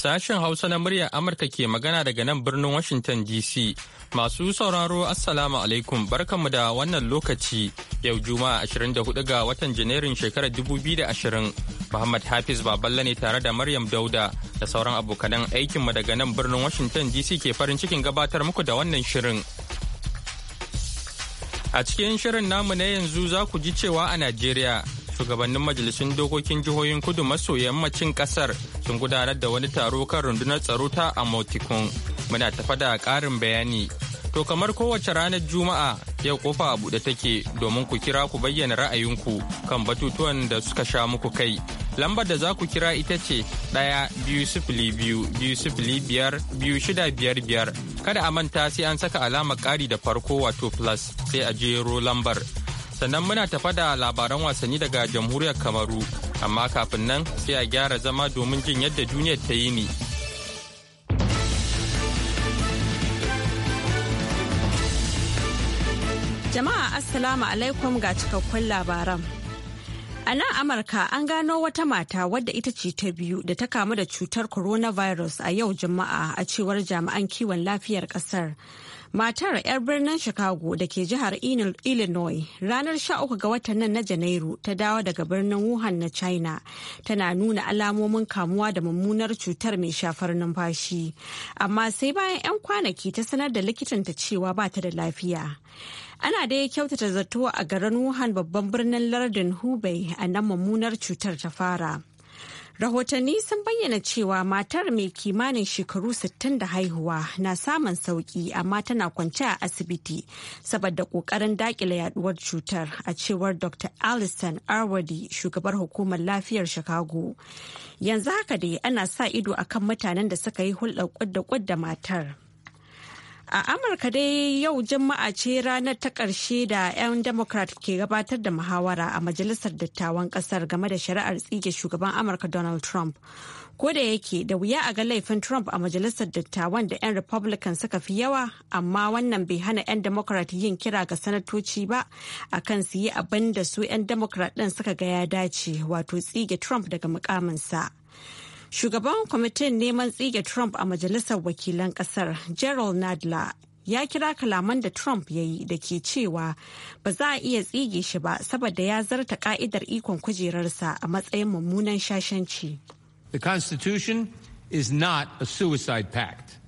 Sashen Hausa na muryar Amurka ke magana daga nan birnin Washington DC. Masu sauraro Assalamu alaikum barkanmu da wannan lokaci yau Juma'a 24 ga watan Janairun shekarar 2020. Muhammad Hafiz Baballe ne tare da Maryam Dauda da sauran abokanan aikinmu daga nan birnin Washington DC ke farin cikin gabatar muku da wannan shirin. A cikin shirin namu na yanzu za ku ji cewa a Najeriya shugabannin majalisun dokokin jihohin kudu maso yammacin kasar sun gudanar da wani taro kan rundunar tsaro ta amotikun muna tafa da ƙarin bayani to kamar kowace ranar juma'a yau kofa a buɗe take domin ku kira ku bayyana ra'ayinku kan batutuwan da suka sha muku kai lambar da za ku kira ita ce ɗaya biyu sifili biyu biyu sifili biyar biyu shida biyar biyar kada a manta sai an saka alamar ƙari da farko wato plus sai a jero lambar sannan muna tafa da labaran wasanni daga jamhuriyar kamaru amma kafin nan sai a gyara zama domin jin yadda duniyar ta yi ni. Jama'a Assalamu alaikum ga cikakkun labaran. A nan Amurka an gano wata mata wadda ita ce ta biyu da ta kamu da cutar coronavirus a yau Juma'a a cewar jami'an kiwon lafiyar kasar. Matar 'yar birnin Chicago da ke jihar Illinois ranar 13 ga watan nan na Janairu ta dawo daga birnin Wuhan na China tana nuna alamomin kamuwa da mummunar cutar mai shafar numfashi. Amma sai bayan 'yan kwanaki ta sanar da likitanta cewa ba ta da lafiya. ana da ya kyautata zato a garin Wuhan babban birnin lardin Hubei a nan mummunar cutar ta fara. Rahotanni sun bayyana cewa matar mai kimanin shekaru 60 da haihuwa na samun sauki amma tana kwance a asibiti saboda kokarin dakile yaduwar cutar a cewar Dr. Allison Arwadi shugabar hukumar lafiyar Chicago. Yanzu haka dai ana sa ido akan mutanen da suka yi hulɗar kudda matar. A Amurka dai yau Juma'a ce ranar ta ƙarshe da 'yan Democrat ke gabatar da muhawara a Majalisar Dattawan ƙasar game da shari'ar tsige shugaban Amurka Donald Trump. Ko da yake da wuya a ga laifin Trump a Majalisar Dattawan da 'yan Republican suka fi yawa, amma wannan bai hana 'yan Democrat yin kira ga sanatoci ba a kan su yi abin da su 'yan Democrat ɗin suka ga ya dace wato tsige Trump daga mukaminsa. Shugaban kwamitin neman tsige Trump a majalisar wakilan kasar Gerald Nadler ya kira kalaman da Trump ya yi da ke cewa ba za a iya tsige shi ba saboda ya zarta ka'idar ikon kujerarsa a matsayin mummunan shashanci. The Constitution is not a suicide pact.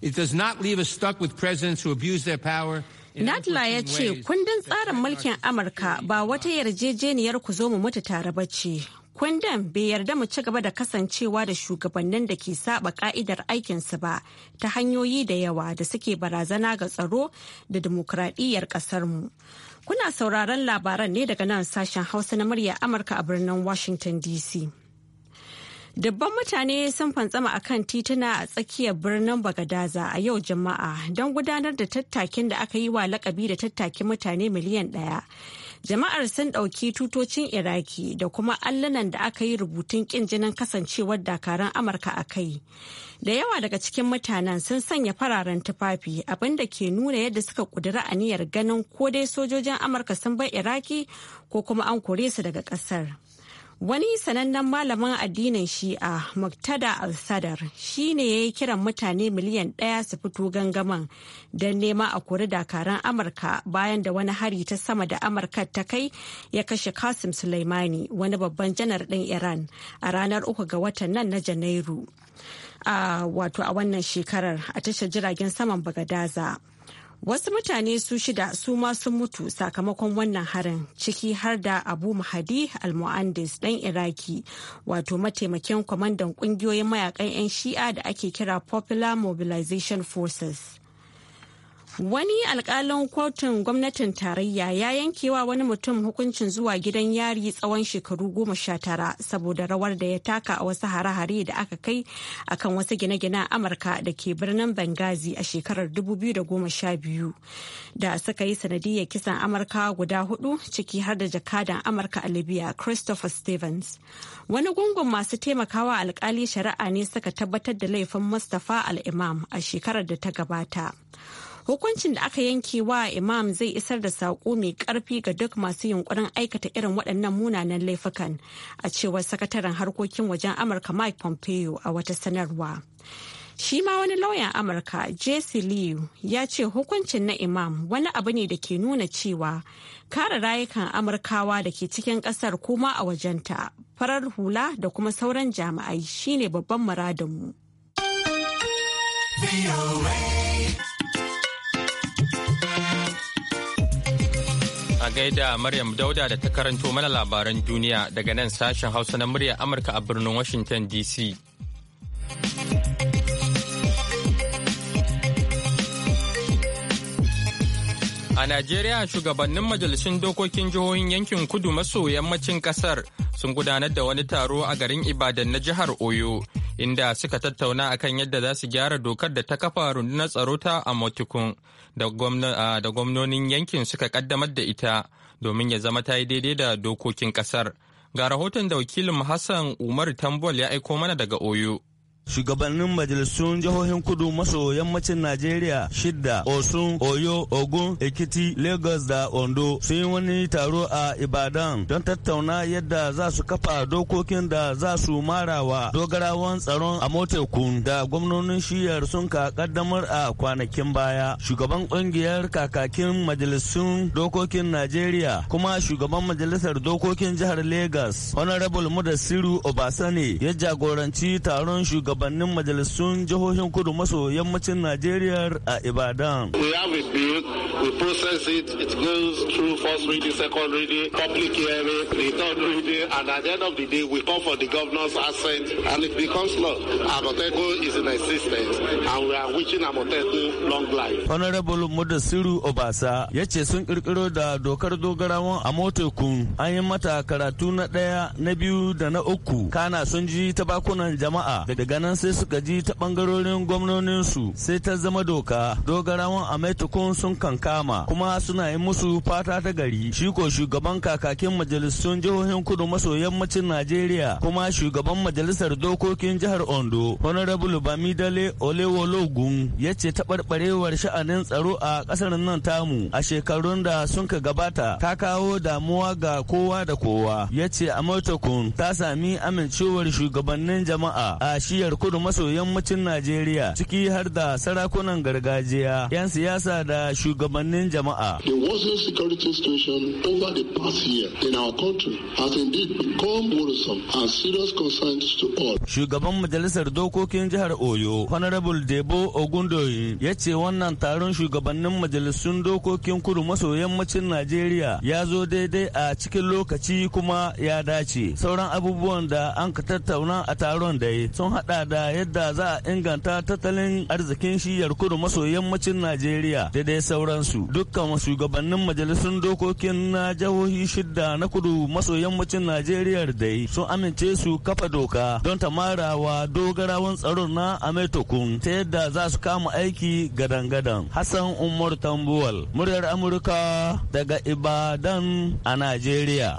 It does not leave us stuck with presidents who abuse their power Nadla ya ce kundin tsarin mulkin Amurka ba wata yarjejeniyar ku zo mu mutu tare ba ce Kundin bai yarda mu ci gaba da kasancewa da shugabannin da ke saba ka'idar aikinsu ba ta hanyoyi da yawa da suke barazana ga tsaro da dimokuraɗiyyar ƙasarmu. Kuna sauraron labaran ne daga nan sashen Hausa na murya Amurka a birnin Washington DC. Dabban mutane sun fantsama a kan tituna a tsakiyar birnin Bagadaza a yau jama'a don gudanar da tattakin da aka yi wa lakabi da tattakin mutane miliyan ɗaya. jama'ar sun ɗauki tutocin iraki da kuma allunan da aka yi rubutun kin jinin kasancewar dakaran amurka a kai da yawa daga cikin mutanen sun sanya fararen tufafi abinda ke nuna yadda suka ƙudiri aniyar ganin ko dai sojojin amurka sun bar iraki ko kuma an kore su daga ƙasar. Wani sanannen malamin addinin Shi'a Muktada Al-Sadar shi ne ya yi kiran mutane miliyan ɗaya su fito gangaman don nema a kori dakaran Amurka bayan da wani hari ta sama da Amurka ta kai ya kashe kasim Suleimani wani babban janar ɗin Iran a ranar uku ga watan nan na Janairu. A wato a wannan shekarar a tashar jiragen saman Bagadaza. Wasu mutane su shida su ma sun mutu sakamakon wannan harin ciki har da Abu Mahadi Al-Mu'andis ɗan Iraki wato mataimakin kwamandan ƙungiyoyin mayakan 'yan shi'a da ake kira Popular Mobilization Forces. Wani alkalin kotun gwamnatin tarayya ya yankewa wani mutum hukuncin zuwa gidan yari tsawon shekaru goma sha tara saboda rawar da ya taka a wasu hare-hare da aka kai akan wasu gine gine a Amurka da ke birnin Benghazi a shekarar 2012 da suka yi sanadiyar kisan Amurka guda hudu ciki har da jakadan Amurka a Libya Christopher Stevens. Wani gungun masu taimakawa alkali shari'a ne suka tabbatar da laifin Mustapha al-Imam a shekarar da ta gabata. Hukuncin da aka yanke wa imam zai isar da saƙo mai ƙarfi ga duk masu yunkurin aikata irin waɗannan munanan laifukan a cewar sakataren harkokin wajen Amurka Mike Pompeo a wata sanarwa. shi ma wani lauyan amurka jesse liu ya ce hukuncin na imam wani abu ne da ke nuna cewa kare rayukan amurkawa da ke cikin ƙasar kuma a wajenta farar hula da kuma sauran jami'ai shine babban muradinmu. gaida Maryam Dauda da ta karanto mana labaran duniya daga nan sashen Hausa na muryar Amurka a birnin Washington DC. A Najeriya shugabannin majalisun dokokin jihohin yankin kudu maso yammacin kasar sun gudanar da wani taro a garin Ibadan na jihar Oyo inda suka tattauna akan yadda za su gyara dokar da ta kafa rundunar tsaro ta Amotikun da gwamnonin yankin suka kaddamar da ita domin ya zama ta yi daidai da dokokin kasar. Ga rahoton da wakilin Hassan Umar Tambol ya aiko mana daga Oyo. shugabannin majalisun jihohin kudu maso yammacin najeriya shidda osun oyo ogun ekiti lagos da ondo sun yi wani taro a ibadan don tattauna yadda za su kafa dokokin da za su wa dogarawan tsaron a motekun da gwamnonin shiyar sun ka kaddamar a kwanakin baya shugaban kungiyar kakakin majalisun dokokin najeriya kuma shugaban majalisar dokokin jihar lagos honorable mudassiru obasani ya jagoranci taron shugaban shugabannin majalisun jihohin kudu maso yammacin Najeriya a Ibadan. We have a bill, we process it, it goes through first reading, second reading, public hearing, the third reading, and at the end of the day, we call for the governor's assent, and it becomes law. Amotekun is in existence, and we are wishing Amotekun long life. Honorable Mudasiru Obasa ya ce sun kirkiro da dokar dogarawan a Motekun an yi mata karatu na ɗaya, na biyu da na uku. Kana sun ji ta bakunan jama'a daga nan nan sai suka ji ta bangarorin gwamnoninsu sai ta zama doka dogarawan a maitukun sun kankama kuma suna yi musu fata ta gari shi ko shugaban kakakin majalisun jihohin kudu maso yammacin najeriya kuma shugaban majalisar dokokin jihar ondo honorable bamidale olewologun ya ce taɓarɓarewar sha'anin tsaro a ƙasar nan tamu a shekarun da sun ka gabata ta kawo damuwa ga kowa da kowa ya ce a ta sami amincewar shugabannin jama'a a shiyar shiyar kudu maso yammacin Najeriya ciki har da sarakunan gargajiya, 'yan siyasa da shugabannin jama'a. The worsening security situation over the past year in our country has indeed become worrisome and serious concerns to all. Shugaban Majalisar Dokokin Jihar Oyo, Honorable Debo Ogundoyi, ya ce wannan taron shugabannin majalisun dokokin kudu maso yammacin Najeriya ya zo daidai a cikin lokaci kuma ya dace. Sauran abubuwan da an ka tattauna a taron da sun hada Ada da yadda za a inganta tattalin arzikin shiyar kudu maso yammacin Najeriya da dai sauransu. Dukkan shugabannin majalisun dokokin na jihohi shidda na kudu maso yammacin Najeriya dai sun amince su kafa doka don ta marawa dogarawan tsaron na Ametokun ta yadda za su kama aiki gadan-gadan. Hassan Umar Tambuwal, muryar Amurka daga Ibadan a Najeriya.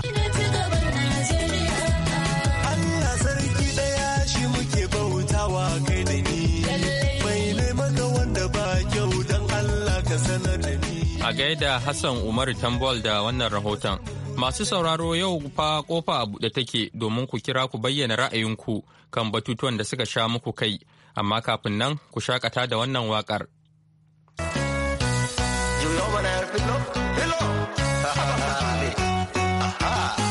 A gaida Hassan Umaru Tambol da wannan rahoton. Masu sauraro yau fa kofa a buɗe take domin ku kira ku bayyana ra'ayinku kan batutuwan da suka sha muku kai, amma kafin nan ku shakata da wannan waƙar.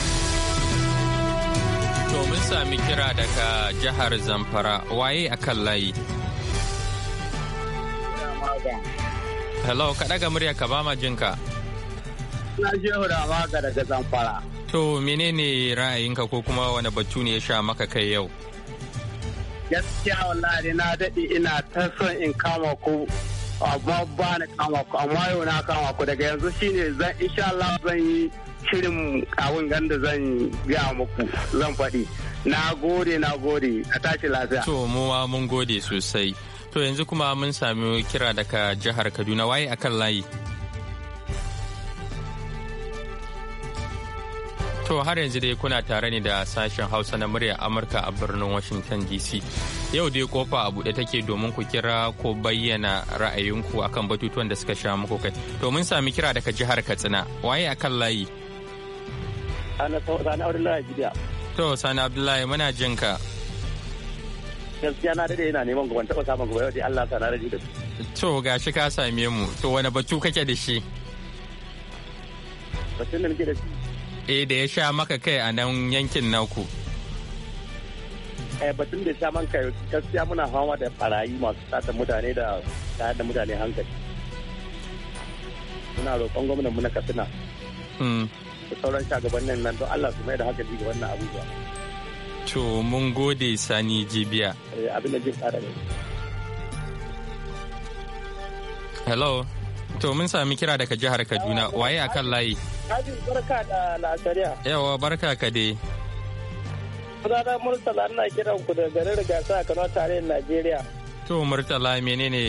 sami kira daga jihar Zamfara waye a kan layi. Hello, ka ɗaga murya ka bama jinka. Na Shehu Ramaga daga Zamfara. To, menene ra'ayinka ko kuma wani batu ne ya sha maka kai yau? Gaskiya wallahi na daɗe ina ta son in kama ku amma ba na kama ku amma yau na kama ku daga yanzu shine zan insha Allah zan yi shirin abin ganda zan gaya muku zan faɗi. Na gode, na gode, a tashi lafiya. To, muwa mun gode sosai. To, yanzu kuma mun sami kira daga jihar Kaduna waye akan layi. To, har yanzu dai kuna tare ne da sashen Hausa na murya Amurka a birnin Washington DC. Yau dai kofa a buɗe take domin ku kira ko bayyana ra'ayinku akan batutuwan da suka sha muku kai. To, mun sami kira daga jihar Katsina waye akan layi. Ana To Sani Abdullahi muna jin ka. Gaskiya na dade yana neman gaban taɓa samun gaban yau Allah sana raji da To ga shi ka same mu to wani batu kake da shi? Batun da muke da shi. Eh da ya sha maka kai a nan yankin naku. Eh batun da ya sha man kai gaskiya muna fama da barayi masu sata mutane da tayar da mutane hankali. Muna roƙon gwamnan mu na Katsina. Hmm. da sauran shagabannin nan don Allah su mai da hankali ga wannan abubuwa. To mun gode Sani Jibiya. Eh, abin da jin tsara ne. Hello. To mun sami kira daga jihar Kaduna ah, waye a kan layi? Hajji barka da la'asariya. Yawa barka ka dai. Sunana Murtala ina kiran ku da garin Rigasa a Kano tare Najeriya. To Murtala menene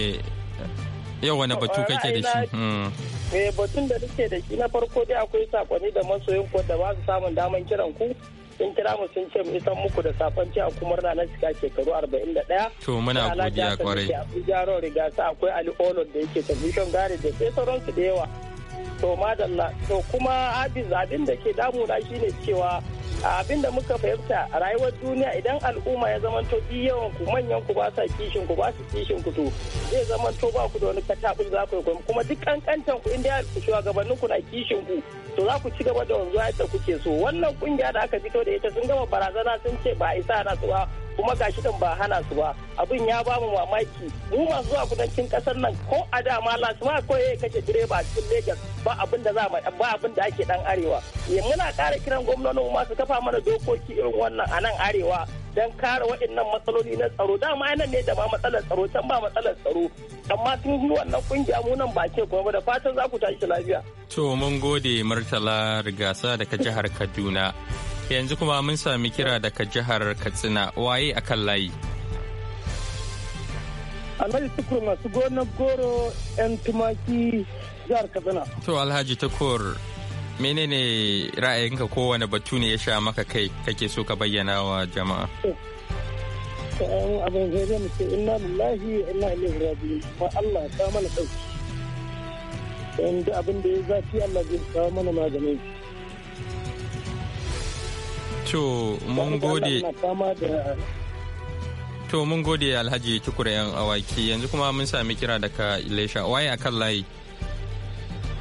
Yau wani batu kake da shi? Hmm. Eh batun da nake da shi na farko dai akwai sakonni da masoyin ku da ba su samun daman kiran ku. Sun kira mu sun ce mu isan muku da safan a kuma na na cika shekaru 41. To muna godiya kwarai. Abuja Road akwai Ali olo da yake tafi shan gari da sai sauransu da yawa. to madalla to kuma abin abin da ke damuna shine cewa abin da muka fahimta a rayuwar duniya idan al'umma ya to bi yawan ku manyan ku ba sa kishin ku ba su kishin ku to zai zamanto ba ku da wani katabin za ku yi kuma duk kankantan ku inda ku shugabannin ku na kishin ku to za ku ci gaba da wanzuwa yadda kuke so wannan kungiya da aka fito da ita sun gama barazana sun ce ba a isa na su ba kuma gashi din ba hana su ba abin ya ba mu mamaki mu masu zuwa kudancin kasar nan ko a da ma lasuma ko ya kace direba a cikin Lagos ba abin da za mu ba abin da ake dan arewa eh, muna kara kiran gwamnati mu su kafa mana dokoki irin wannan a nan arewa dan kare waɗannan matsaloli na tsaro dama nan ne da ma matsalar tsaro can ba matsalar tsaro amma sun yi wannan kungiya mu nan ba ce kuma da fatan za ku tashi lafiya to mun gode martala rigasa daga jihar Kaduna Yanzu kuma mun sami kira daga jihar Katsina waye akan layi. Alhaji Tukur masu gonar goro 'yan tumaki jihar Katsina. To Alhaji Tukur menene ra'ayinka kowane batu ne ya sha maka kai kake so ka bayyana wa jama'a. abin zai inna inna ilaihi raji'un Allah ta mana dauki abin da ya zafi Allah zai kawo mana maganin To mun gode. To mun gode Alhaji Tukure yan awaki yanzu kuma mun sami kira daga Ilesha waye akan layi.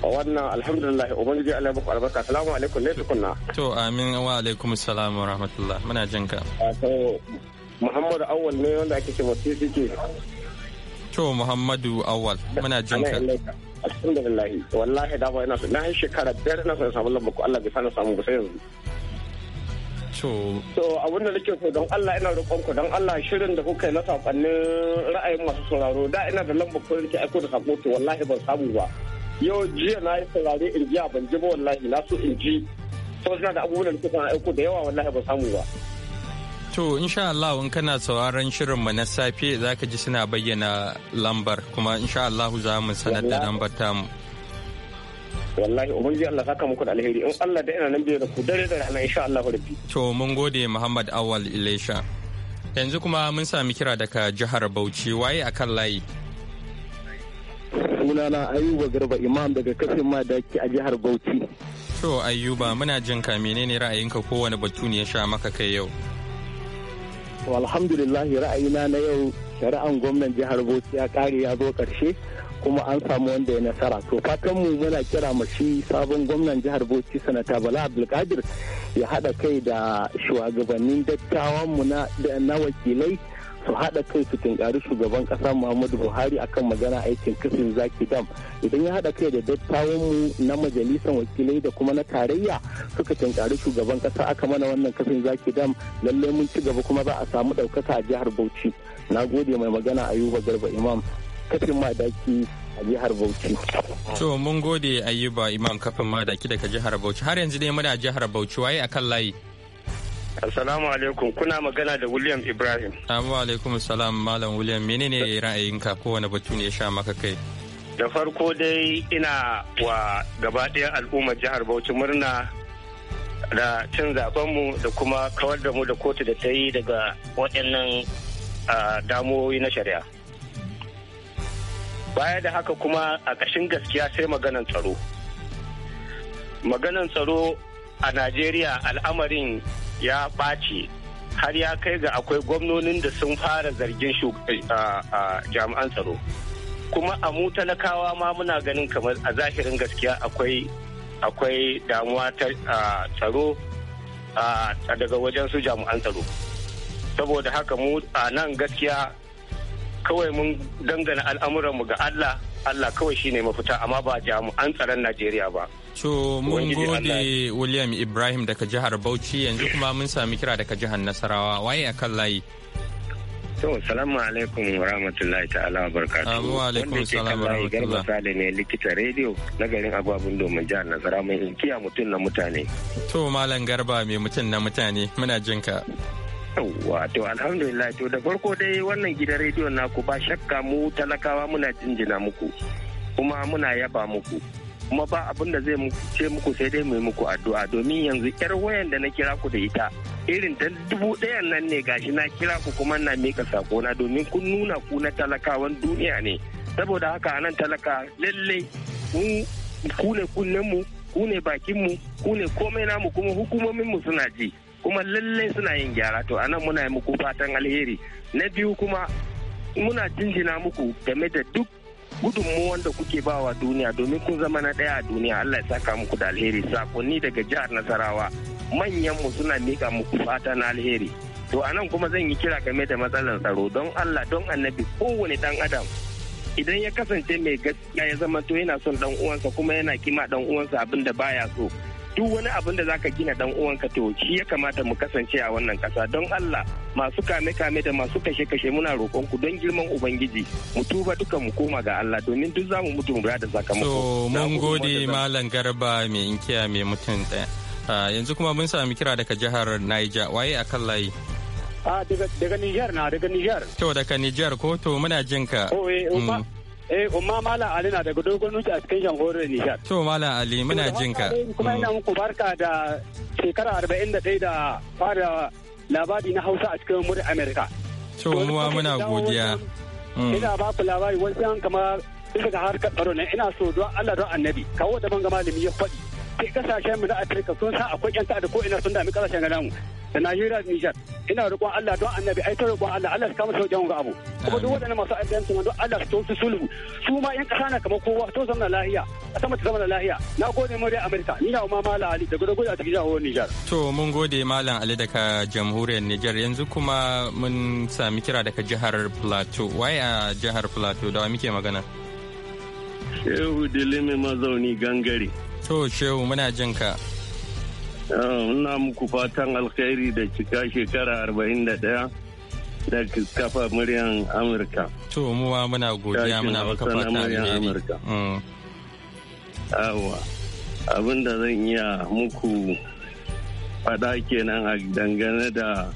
wannan alhamdulillah ubangiji Allah muku albarka salamu alaikum ne tukunna to amin wa alaikum salam wa rahmatullah muna jin ka to muhammadu awwal ne wanda ake cewa C.C.C. to muhammadu awwal muna jin ka alhamdulillah wallahi da ba ina so na shekara da na so samu lamba ko Allah bai fara samu ba sai yanzu To abin da nake so don Allah ina roƙon ku don Allah shirin da kuka yi na sakonnin ra'ayin masu sauraro da ina da lambar ko nake aiko da sako to wallahi ban samu ba. Yau jiya na yi saurare in ji ban ji ba wallahi na so in ji. So suna da abubuwan da kuka aiko da yawa wallahi ban samu ba. To, insha Allah in kana sauraron shirinmu na safe za ka ji suna bayyana lambar kuma insha Allah za mu sanar da lambar tamu. wallahi ubangiji Allah saka muku da alheri in Allah da ina nan biyo da ku dare da rana insha Allah rabbi to mun gode Muhammad Awal Ilesha yanzu kuma mun sami kira daga jihar Bauchi waye akan layi sunana Ayuba Garba Imam daga kafin madaki a jihar Bauchi to Ayuba muna jin ka menene ra'ayinka kowane batu ne ya sha maka kai yau to alhamdulillah ra'ayina na yau shari'an gwamnan jihar Bauchi ya kare ya zo karshe kuma an samu wanda ya nasara to fatan mu muna kira ma shi sabon gwamnan jihar Bauchi sanata Bala Abdulkadir ya hada kai da shugabannin dattawan mu na wakilai su haɗa kai su tunkari shugaban ƙasa muhammadu buhari akan magana aikin kafin zaki dam idan ya haɗa kai da dattawanmu na majalisar wakilai da kuma na tarayya suka tunkari shugaban ƙasa aka mana wannan kafin zaki dam lalle mun ci gaba kuma za a samu ɗaukaka a jihar bauchi na gode mai magana ayuba garba imam kafin madaki a jihar Bauchi. To mun gode ayyuba Imam kafin madaki daga jihar Bauchi har yanzu dai muna jihar Bauchi waye akan layi. Assalamu alaikum kuna magana da William Ibrahim. Assalamu alaikum salam Malam William menene ra'ayinka ko wani batu ne ya sha maka kai? Da farko dai ina wa gaba ɗaya al'ummar jihar Bauchi murna da cin zabenmu da kuma kawar da mu da kotu da ta yi daga waɗannan ah, damuwoyi na shari'a. baya da haka kuma a ƙashin gaskiya sai maganan tsaro maganan tsaro a najeriya al'amarin ya ɓaci har ya kai ga akwai gwamnonin da sun fara zargin eh, jami'an tsaro kuma a mu talakawa ma muna ganin kamar a zahirin gaskiya akwai akwai damuwa ta tsaro daga wajen su jami'an tsaro saboda haka mu a nan gaskiya kawai mun dangana al'amuranmu ga Allah Allah kawai shine mafita amma ba jami'an tsaron Najeriya ba. To mun gode William Ibrahim daga jihar Bauchi yanzu kuma mun sami kira daga jihar Nasarawa waye a kan layi. To salamu alaikum wa rahmatullahi ta'ala wa barakatuhu. Wa alaikum salam wa rahmatullahi. Garba Sale ne likita rediyo na garin Agwabun domin jihar Nasarawa mai inkiya mutum na mutane. To malam Garba mai mutum na mutane muna jinka. ka. Yawwa to alhamdulillah to da farko dai wannan gidan rediyon naku ba shakka mu talakawa muna jinjina muku kuma muna yaba muku. kuma ba abin da zai ce muku sai dai mu yi muku addu'a domin yanzu yar wayan da na kira ku da ita irin dan dubu ɗayan nan ne gashi na kira ku kuma na mika sako na domin kun nuna ku na talakawan duniya ne saboda haka anan talaka lalle ku ne kunnen mu ku ne bakin mu ku ne komai namu kuma hukumomin mu suna ji kuma lallai suna yin gyara to anan muna yi muku fatan alheri na biyu kuma muna jinjina muku game da duk gudunmuwan da kuke bawa duniya domin kun zama na ɗaya a duniya Allah ya saka muku da alheri sakonni daga jihar Nasarawa manyan mu suna mika muku fata na alheri to anan kuma zan yi kira game da matsalar tsaro don Allah don annabi kowane dan adam idan ya kasance mai gaskiya ya zama to yana son dan uwansa kuma yana kima dan uwansa abin da baya so duk wani abin da zaka gina dan uwanka to shi ya kamata mu kasance a wannan kasa don Allah masu kame kame da masu kashe kashe muna roƙon ku don girman ubangiji mu tuba duka mu koma ga Allah domin duk mu mutu mu da sakamako to mun gode malam garba mai inkiya mai mutum ɗaya yanzu kuma mun sami kira daga jihar Niger waye akan layi ah, a daga Niger na daga Niger to daga Niger ko to muna jinka oh eh oh, mm. Eh, umma Malam Ali na daga dogon nuki a cikin Shangoro Nishar. To Malam Ali muna jin ka. Kuma mm. ina muku barka da shekara arba'in da ɗaya da fara labari na Hausa a cikin murin Amerika. To muwa muna godiya. Mm. Ina ba ku labari wasu yan kamar bisa ga harkar tsaro ina so don Allah don annabi kawo da ban ga malami ya faɗi. duk kasashen mu na Afirka sun san akwai yan ta'adda ko ina sun dami kasashen ganamu da Najeriya da Nijar ina roƙon Allah don annabi ai ta roƙon Allah Allah su kama sauƙin abu kuma duk waɗannan masu addanci don Allah su sulhu su ma yan ƙasa kamar kowa to zama lahiya a sama ta zama lahiya na gode mu dai Amerika ni na ma mala Ali da gudu gudu a cikin jawo Nijar to mun gode malam Ali daga jamhuriyar Nijar yanzu kuma mun sami kira daga jihar Plateau waye a jihar Plateau da muke magana Shehu Dilimi mazauni gangare To Shehu muna jin ka. Ina eh, muku fatan alkhairi da cika shekara arba'in da ɗaya da kafa muryan Amurka. To muwa muna godiya muna baka fatan alkhairi. Awa, abin da zan iya muku faɗa kenan a dangane da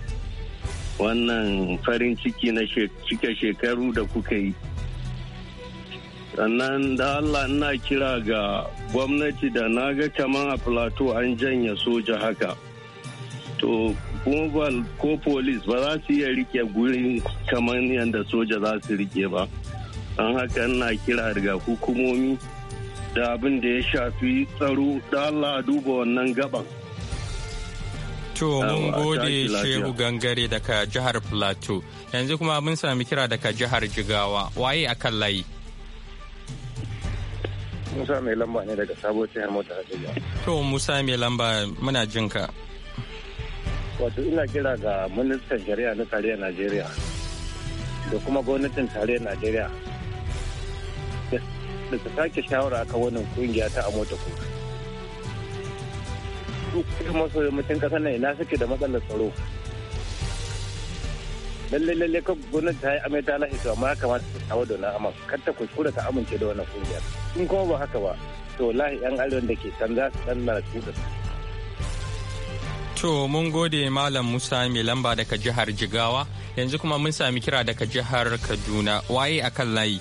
wannan farin ciki na cika shekaru da kuka yi. sannan da allah ina kira ga gwamnati da na ga kaman a plateau an janya soja haka to kuma ko polis ba za su iya rike gurin kamar yadda soja za su rike ba an haka ina kira daga hukumomi da abin da ya shafi tsaro da allah duba wannan gaban To mun gode Shehu Gangare daga jihar Plateau. Yanzu kuma mun sami kira daga jihar Jigawa. Waye akan layi? Musa mai lamba ne daga sabuwar jihar mota To Musa mai lamba muna jin ka. Wato ina kira ga ministan shari'a na tarayyar Najeriya da kuma gwamnatin tarayyar Najeriya da ta sake shawara aka wani kungiya ta a mota ku. Duk maso yammacin ƙasar nan ina suke da matsalar tsaro. lallai lallai gwamnati ta yi amai ta lahi to amma ya kamata ta kawo da na amma kar ta kuskura ta amince da wannan kungiyar. in kuma ba haka ba to lahi yan arewan da ke can za su san mara To mun gode Malam Musa mai lamba daga jihar Jigawa yanzu kuma mun sami kira daga jihar Kaduna waye akan layi.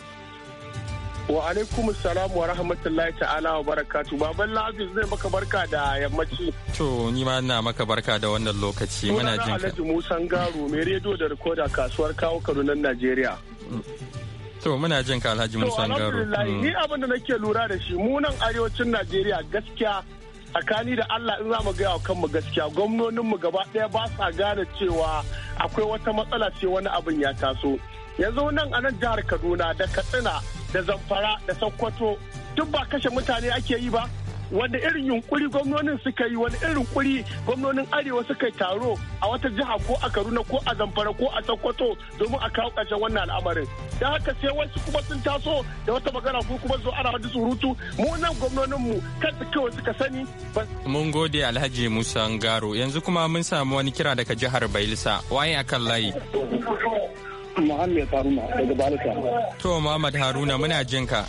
wa alaikum salam wa rahmatullahi ta'ala wa barakatu baban lafiz zai maka barka da yammaci to ni ma ina maka barka da wannan lokaci muna jin ka Alhaji Musa Garu mai rediyo da rikoda kasuwar kawo Kaduna Najeriya To muna jin ka Alhaji Musa Garo. Hmm. Ni abin da nake lura da shi mu nan arewacin Najeriya gaskiya tsakani da Allah in za mu gaya wa kanmu gaskiya mu gaba ɗaya ba sa gane cewa akwai wata matsala ce wani abin ya taso. Yanzu nan a nan jihar Kaduna da Katsina da Zamfara da Sokoto duk ba kashe mutane ake yi ba. wanda irin yunkuri gwamnonin suka yi wani irin kuri gwamnonin arewa suka yi taro a wata jiha ko a kaduna ko a zamfara ko a sokoto domin a kawo ƙarshen wannan al'amarin da haka sai wasu kuma sun taso da wata magana ko kuma zo ana wani surutu mu nan gwamnonin mu kansu kawai suka sani mun gode alhaji musa ngaro yanzu kuma mun samu wani kira daga jihar bailisa waye akan layi Muhammad Haruna daga Balisa. To Muhammad Haruna muna jinka.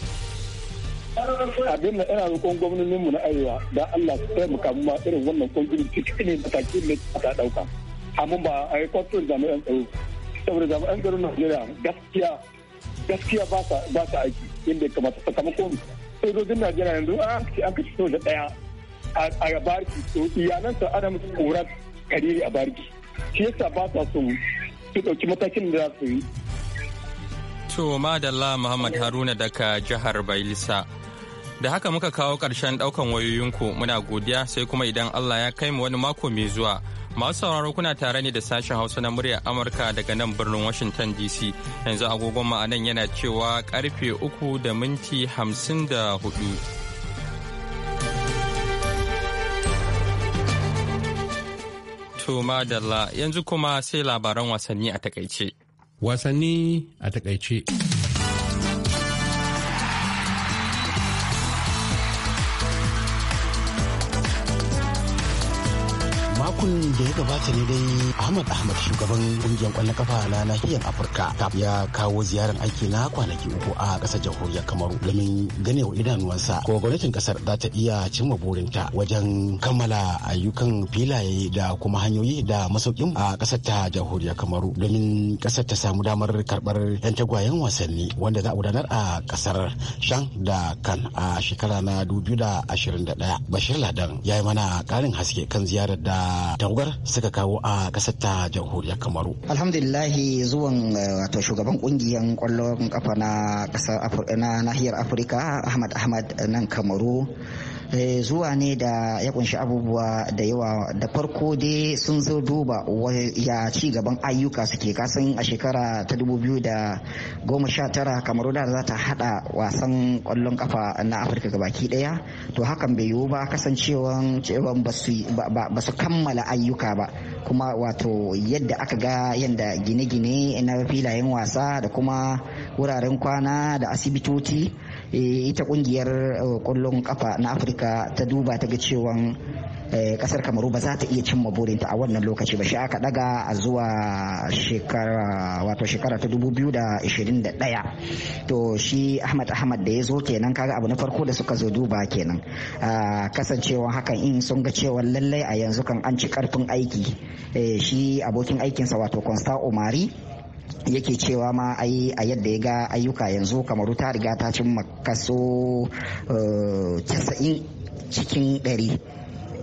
abin da ina roƙon gwamnonin mu na arewa da Allah su taimaka mu ma irin wannan kungiyoyin cikin ne mataki ne ta dauka amma ba a yi kwatsun jami'an tsaro saboda jami'an na Najeriya gaskiya gaskiya ba sa ba sa aiki inda kamata sakamakon sojojin Najeriya yanzu a ci an kace soja daya a barki to iyalansa ana musu korar kariri a barki shi yasa ba sa so su dauki matakin da za su yi to madalla Muhammad Haruna daga jihar Bailisa Da haka muka kawo ƙarshen ɗaukan wayoyinku muna godiya sai kuma idan Allah ya kai mu wani mako mai zuwa. Masu sauraro kuna tare ne da sashen Hausa na muryar Amurka daga nan birnin Washington DC. Yanzu agogon ma'anan yana cewa karfe uku da minti hamsin da hudu. Tuma Dalla yanzu kuma sai labaran wasanni a takaice. Wasanni a takaice. makon da ya gabata ne dai ahmad ahmad shugaban kungiyar kwallon kafa na nahiyar afirka ya kawo ziyarar aiki na kwanaki uku a kasar jamhuriyar kamaru domin ganewa idanuwansa ko gwamnatin kasar za ta iya cimma burinta wajen kammala ayyukan filaye da kuma hanyoyi da masaukin a kasar ta jamhuriyar kamaru domin kasar ta samu damar karbar yan tagwayen wasanni wanda za a gudanar a kasar shan da kan a shekara na 2021 bashir ladan ya yi mana karin haske kan ziyarar da da tawagar suka kawo a kasar ta jamhuriyar kamaru alhamdulillahi zuwan eh, wato shugaban kungiyar kwallon kafa na na nahiyar afirka ahmad ahmad nan kamaru Eh, zuwa ne da ya kunshi abubuwa da yawa da farko dai sun zo duba ya ci gaban ayyuka suke kasan a shekara ta 2019 kamar da za ta hada wasan kwallon kafa na afirka baki daya to hakan bai yiwu ba kasancewan cewan ba su kammala ayyuka ba kuma wato yadda aka ga yadda gine-gine na filayen wasa da kuma wuraren kwana da asibitoci Eh, ita kungiyar eh, kwallon kafa na afirka ta duba ta ga cewa eh, kasar kamaru ba za ta iya cimma burinta a wannan lokaci ba shi aka daga a zuwa shekara wato shekara ta 2021 to shi ahmad ahmad da ya zo kenan kaga abu na farko da suka zo duba kenan kasancewa hakan in sun ga cewa lallai a yanzu kan an ci karfin aiki shi abokin aikinsa wato consta omari yake cewa ma ai a yadda ya ga ayyuka yanzu kamaru ta riga ta cimma kaso 90 eh, cikin 100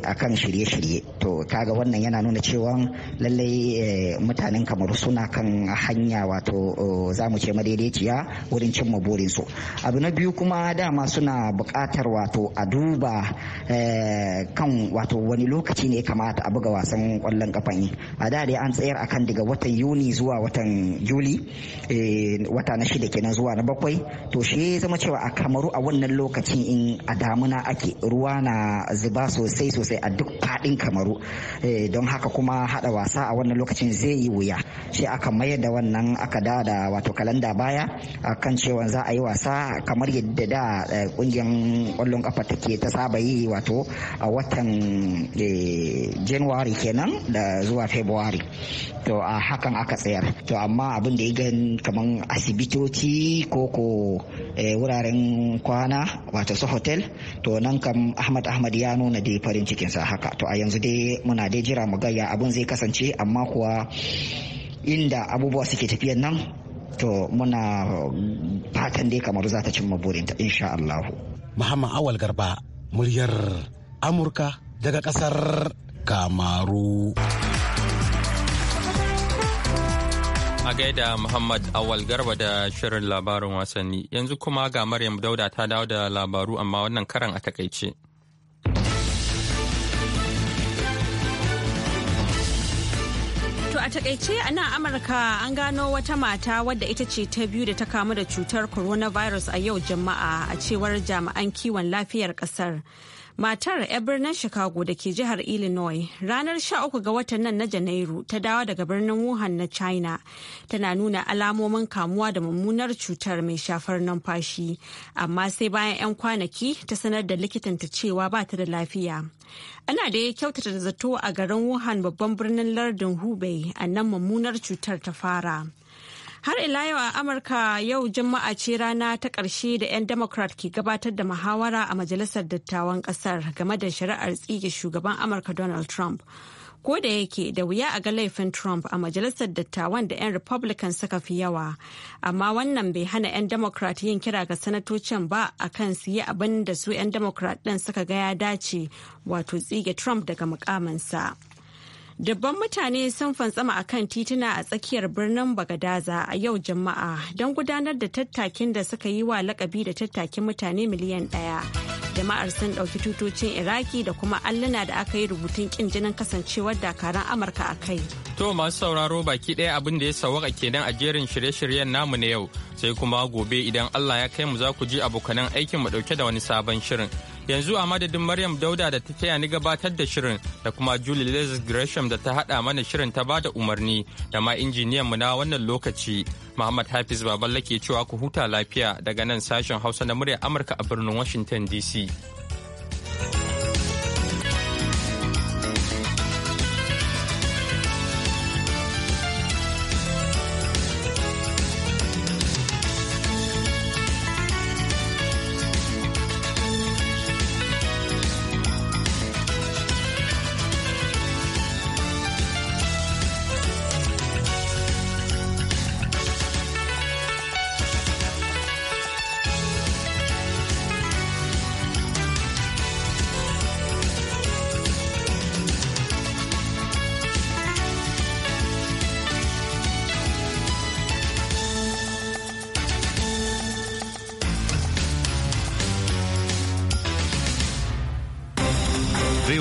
akan shirye-shirye to kaga wannan yana nuna cewa lallai eh, mutanen kamar suna kan hanya wato eh, za mu ce madaidaiciya wurin cimma burinsu abu na biyu kuma dama suna buƙatar wato a duba eh, kan wato wani lokaci ne kamata a buga wasan kwallon kafan a da dai an tsayar akan daga watan yuni zuwa watan juli wata na shida kenan zuwa na bakwai to shi zama cewa a kamaru a wannan lokacin in a damuna ake ruwa na zuba sosai sosai sosai a duk fadin kamaru eh, don haka kuma haɗa wasa a wannan lokacin zai yi wuya sai aka mayar da wannan aka da da wato kalanda baya akan cewa za a yi wasa kamar yadda da kungiyar eh, kwallon kafa take ta saba yi wato a watan eh, january kenan da zuwa february to a hakan aka tsayar to amma abin da ya gan kamar asibitoci ko ko wuraren kwana wato su hotel to nan kam ahmad ahmad ya nuna da farin ciki aikinsa haka to a yanzu dai muna dai jira mu gayya abin zai kasance amma kuwa inda abubuwa suke tafiyan nan to muna fatan dai kamar za ta cimma burinta insha Allah. Muhammad Awal Garba muryar Amurka daga kasar Kamaru. A gaida Muhammad Awal Garba da shirin labarin wasanni yanzu kuma ga Maryam Dauda ta dawo da labaru amma wannan karan a takaice. takaice a nan Amurka an gano wata mata wadda ita ce ta biyu da ta kamu da cutar coronavirus a yau jama'a a cewar jami'an kiwon lafiyar kasar. Matar 'yar birnin Chicago da ke jihar Illinois ranar 13 ga watan nan na Janairu ta dawo daga birnin Wuhan na China. Tana nuna alamomin kamuwa da mummunar cutar mai shafar numfashi, amma sai bayan 'yan kwanaki ta sanar da likitanta cewa ba ta da lafiya. Ana da ya kyautata zato a garin Wuhan babban birnin lardin Hubei a nan mummunar cutar ta fara. Har ila yau a Amurka yau Juma'a ce rana ta ƙarshe da 'yan Democrat ke gabatar da muhawara a Majalisar Dattawan ƙasar game da shari'ar tsige shugaban Amurka Donald Trump. Ko da yake da wuya a ga laifin Trump a Majalisar Dattawan da 'yan Republican suka fi yawa, amma wannan bai hana 'yan Democrat yin kira ga sanatocin ba a kan su yi abin da su 'yan Democrat ɗin suka ga ya dace wato tsige Trump daga mukaminsa. Dabban mutane sun fantsama a kan tituna a tsakiyar birnin Bagadaza a yau Juma'a don gudanar da tattakin da suka yi wa lakabi da tattakin mutane miliyan ɗaya. Jama'ar sun ɗauki tutocin Iraki da kuma alluna da aka yi rubutun ƙin jinin kasancewar dakaran Amurka a kai. To masu sauraro baki ɗaya abin da ya sauwaka kenan a jerin shirye-shiryen namu na yau sai kuma gobe idan Allah ya kai mu za ku ji abokanan aikin mu ɗauke da wani sabon shirin. yanzu a madadin maryam dauda da ta taya ni gabatar da shirin da kuma julie lezis gresham da ta hada mana shirin ta bada umarni da ma injiniyan mu na wannan lokaci muhammad hafiz baballe ke cewa ku huta lafiya daga nan sashen hausa na muryar amurka a birnin washington dc